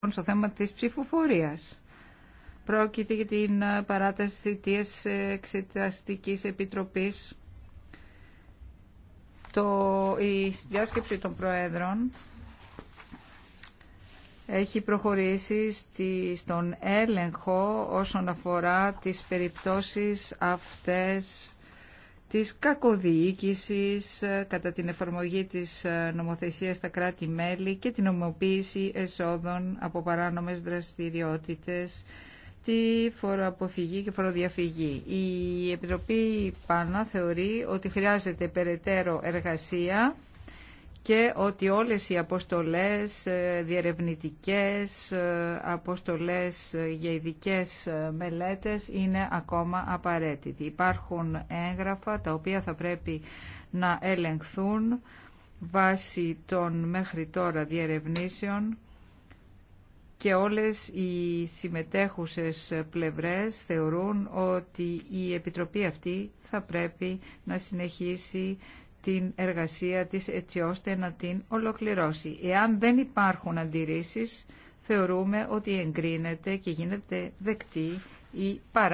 Λοιπόν, στο θέμα της ψηφοφορίας. Πρόκειται για την ε, παράταση θητείας εξεταστικής επιτροπής. Το, η διάσκεψη των Προέδρων έχει προχωρήσει στη, στον έλεγχο όσον αφορά τις περιπτώσεις αυτές της κακοδιοίκησης ε, κατά την εφαρμογή της ε, νομοθεσίας στα κράτη-μέλη και την ομοποίηση εσόδων από παράνομες δραστηριότητες, τη φοροαποφυγή και φοροδιαφυγή. Η Επιτροπή Πάνα θεωρεί ότι χρειάζεται περαιτέρω εργασία και ότι όλες οι αποστολές, ε, διερευνητικές ε, αποστολές ε, για ειδικέ μελέτες είναι ακόμα απαραίτητοι. Υπάρχουν έγγραφα τα οποία θα πρέπει να ελεγχθούν βάσει των μέχρι τώρα διερευνήσεων και όλες οι συμμετέχουσες πλευρές θεωρούν ότι η Επιτροπή αυτή θα πρέπει να συνεχίσει την εργασία της έτσι ώστε να την ολοκληρώσει. Εάν δεν υπάρχουν αντιρρήσεις, θεωρούμε ότι εγκρίνεται και γίνεται δεκτή η παράδοση.